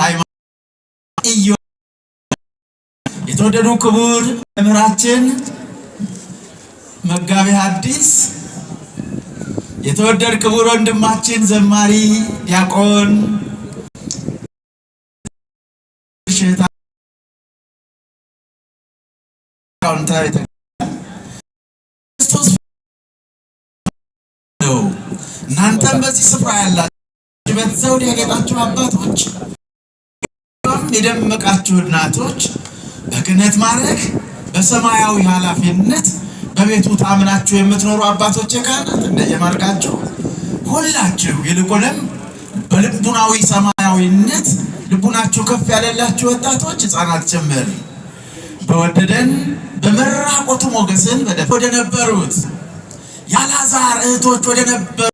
ሃይማኖት እዮ የተወደዱ ክቡር መምህራችን መጋቤ ሐዲስ የተወደድ ክቡር ወንድማችን ዘማሪ ዲያቆን እናንተም በዚህ ስፍራ ያላችሁ በዘውድ ያጌጣችሁ አባቶች የደመቃችሁ እናቶች በክህነት ማድረግ በሰማያዊ ኃላፊነት በቤቱ ታምናችሁ የምትኖሩ አባቶች ካህናት እንደየማርጋችሁ ሁላችሁ ይልቁንም በልቡናዊ ሰማያዊነት ልቡናችሁ ከፍ ያለላችሁ ወጣቶች፣ ሕፃናት ጭምር በወደደን በመራቆቱ ሞገስን ወደ ነበሩት ያላዛር እህቶች ወደ ነበሩ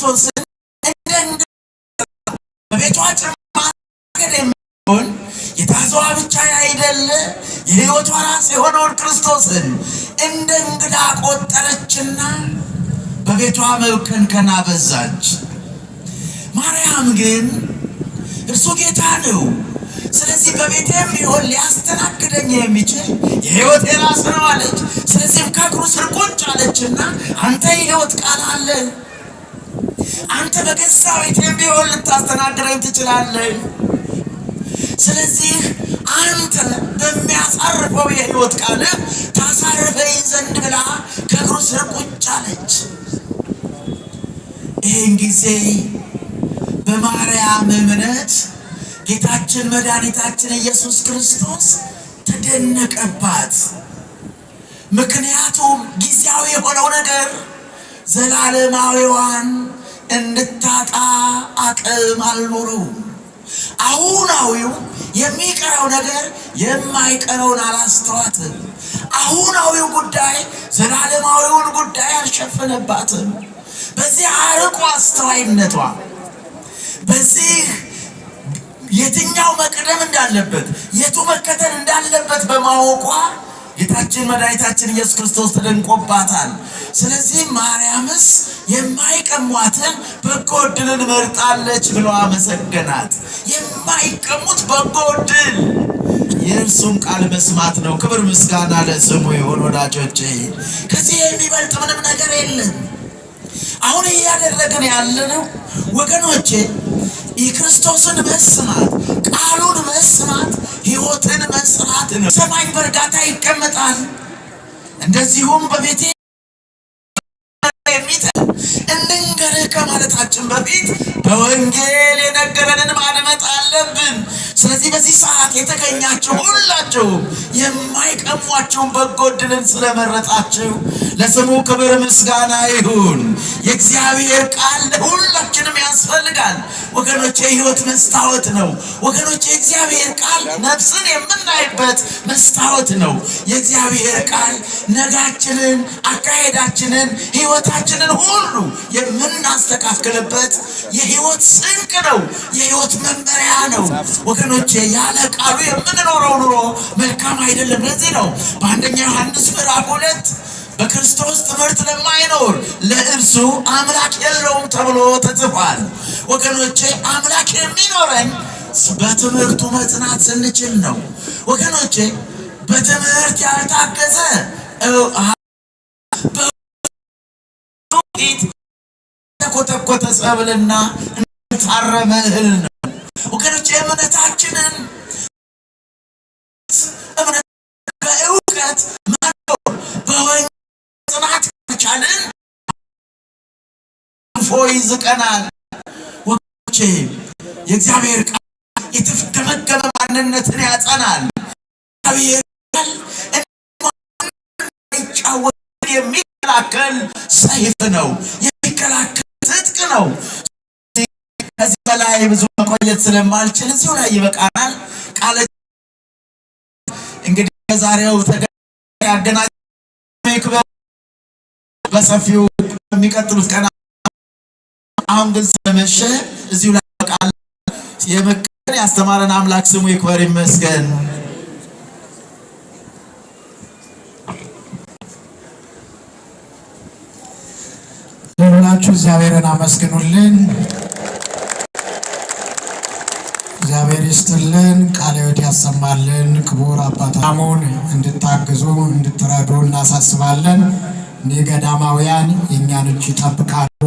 ክርስቶስን እንደ በቤቷ ጭማገር የሚሆን የታዘዋ ብቻ አይደለ የሕይወቷ ራስ የሆነውን ክርስቶስን እንደ እንግዳ ቆጠረችና በቤቷ መብከንከን አበዛች። ማርያም ግን እርሱ ጌታ ነው፣ ስለዚህ በቤቴም ቢሆን ሊያስተናግደኝ የሚችል የሕይወት የራስ ነው አለች። ስለዚህም ከእግሩ ስር ቁጭ አለችና አንተ የሕይወት ቃል አለ አንተ በገዛ ቤቴም ቢሆን ልታስተናግረኝ ትችላለህ። ስለዚህ አንተ በሚያሳርፈው የህይወት ቃል ታሳርፈኝ ዘንድ ብላ ከእግሩ ስር ቁጭ አለች። ይህን ጊዜ በማርያም እምነት ጌታችን መድኃኒታችን ኢየሱስ ክርስቶስ ተደነቀባት። ምክንያቱም ጊዜያዊ የሆነው ነገር ዘላለማዊዋን እንድታጣ አቅም አልኖረው። አሁናዊው የሚቀረው ነገር የማይቀረውን አላስተዋትም። አሁናዊው ጉዳይ ዘላለማዊውን ጉዳይ አልሸፈነባትም። በዚህ አርቆ አስተዋይነቷ በዚህ የትኛው መቅደም እንዳለበት የቱ መከተል እንዳለበት በማወቋ ጌታችን መድኃኒታችን ኢየሱስ ክርስቶስ ተደንቆባታል። ስለዚህ ማርያምስ የማይቀሟትን በጎ እድልን መርጣለች ብሎ አመሰገናት። የማይቀሙት በጎ እድል የእርሱን ቃል መስማት ነው። ክብር ምስጋና ለስሙ ይሁን። ወዳጆቼ ከዚህ የሚበልጥ ምንም ነገር የለም። አሁን እያደረግን ያለነው ወገኖቼ የክርስቶስን መስማት፣ ቃሉን መስማት፣ ህይወትን መስማት ነው። ሰማይ በእርጋታ ይቀመ እንደዚሁም በቤቴ የሚጥ እንንገርህ ከማለታችን በፊት በወንጌል የነገረንን ማድመጥ አለብን። ስለዚህ በዚህ ሰዓት የተገኛችሁ ሁላችሁ የማይቀሟችሁን በጎ ድልን ስለመረጣችሁ ለስሙ ክብር ምስጋና ይሁን። የእግዚአብሔር ቃል ለሁላችንም ያስፈልጋል ወገኖች፣ የህይወት መስታወት ነው ወገኖች። የእግዚአብሔር ቃል ነፍስን የምናይበት መስታወት ነው። የእግዚአብሔር ቃል ነጋችንን፣ አካሄዳችንን፣ ህይወታችንን ሁሉ የምናስተካክልበት የህይወት ስንቅ ነው። የህይወት መመሪያ ነው ወገኖች ወገኖቼ ያለ ቃሉ የምንኖረው ኑሮ መልካም አይደለም። ለዚህ ነው በአንደኛ ዮሐንስ ምዕራፍ ሁለት በክርስቶስ ትምህርት ለማይኖር ለእርሱ አምላክ የለውም ተብሎ ተጽፏል። ወገኖቼ አምላክ የሚኖረን በትምህርቱ መጽናት ስንችል ነው። ወገኖቼ በትምህርት ያልታገዘ ተኮተኮተ ሰብልና እንታረመ እህል ነው። እምነታችንን እምነት በእውቀት መኖር በወይ ጽናት ከቻልን አልፎ ይዝቀናል። ወገኖቼ የእግዚአብሔር ቃል የተደመገመ ማንነትን ያጸናል። እግዚአብሔር ቃል የሚጫወትን የሚከላከል ሰይፍ ነው፣ የሚከላከል ትጥቅ ነው። ከዚህ በላይ ብዙ መቆየት ስለማልችል እዚሁ ላይ ይበቃናል። ቃለ እንግዲህ በዛሬው ተገናኝ በሰፊው የሚቀጥሉት ቀና አሁን ግን ስለመሸ እዚሁ ላይ ይበቃል። የመከረን ያስተማረን አምላክ ስሙ ይክበር ይመስገን። ለሁላችሁ እግዚአብሔርን አመስግኑልን። ክቡር አባታሙን እንድታግዙ እንድትረዱ እናሳስባለን። እኒህ ገዳማውያን የእኛን እጅ ይጠብቃሉ፣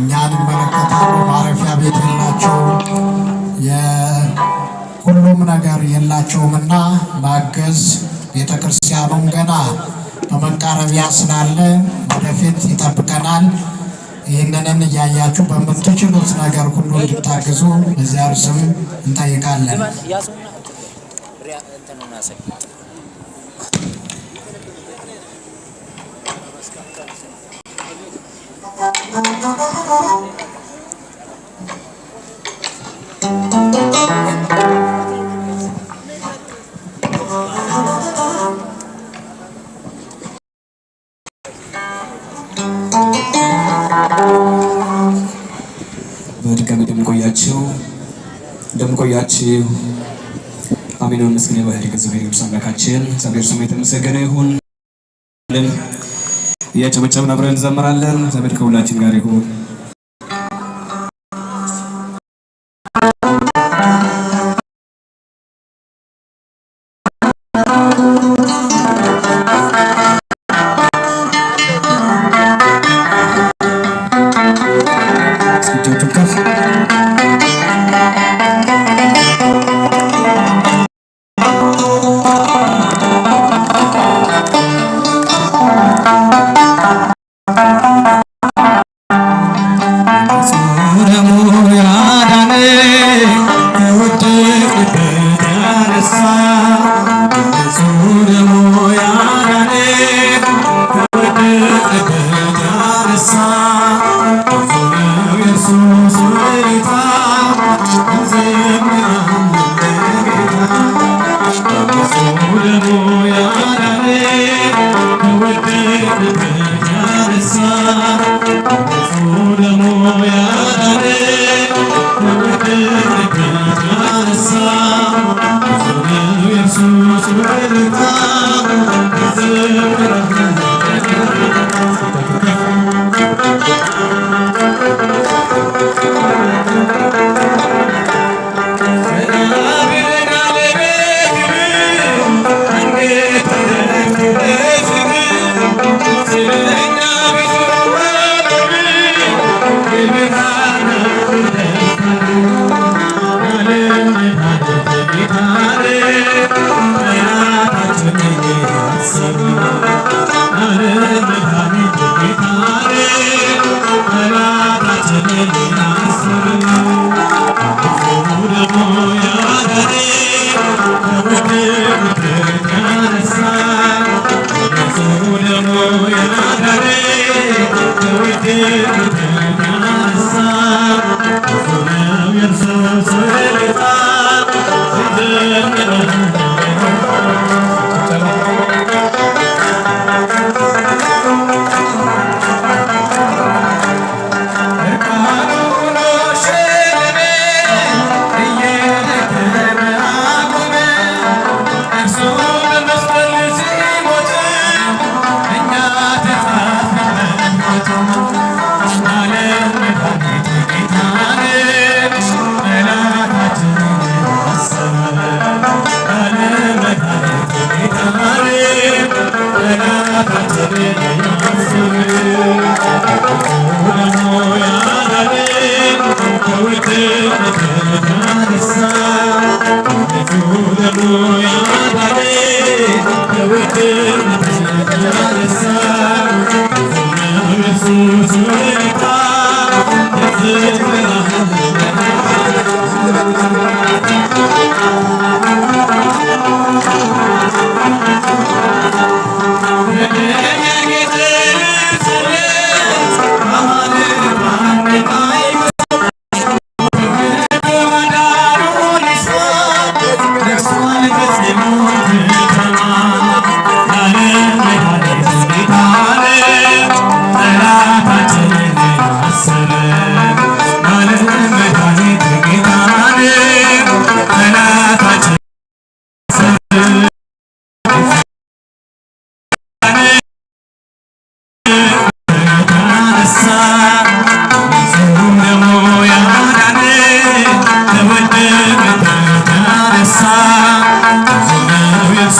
እኛን ይመለከታሉ። ማረፊያ ቤት የላቸው የሁሉም ነገር የላቸውምና ማገዝ ቤተ ክርስቲያኑም ገና በመቃረቢያ ስላለ ወደፊት ይጠብቀናል። ይህንንን እያያችሁ በምትችሉት ነገር ሁሉ እንድታግዙ በዚያ ስም እንጠይቃለን። Canım nasıl? በድጋሚ እንደምቆያችሁ እንደምቆያችሁ አሜን። መስገን የባህል ገንዘብ የቅዱስ አምላካችን እግዚአብሔር ስሙ የተመሰገነ ይሁን። እያጨበጨብን አብረን እንዘምራለን። እግዚአብሔር ከሁላችን ጋር ይሁን።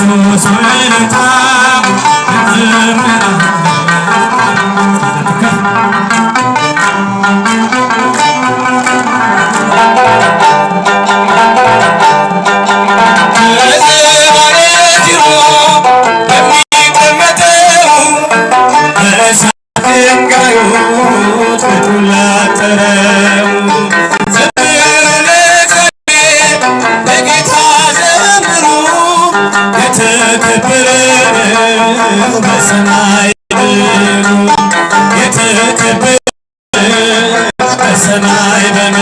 ኢየሱስ በሰማይ በሰማይ በሰማይ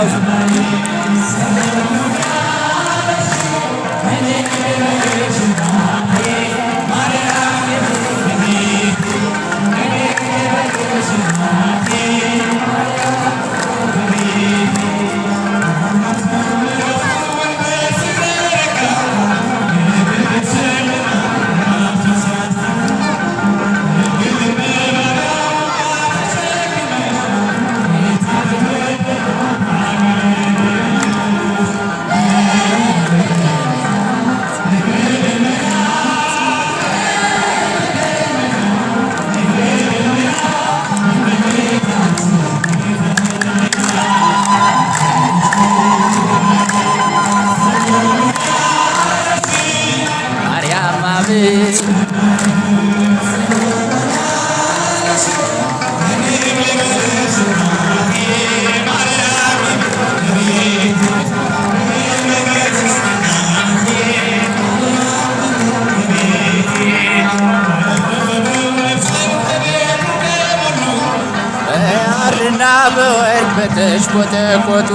감사합니 ተሽቆጠቆጡ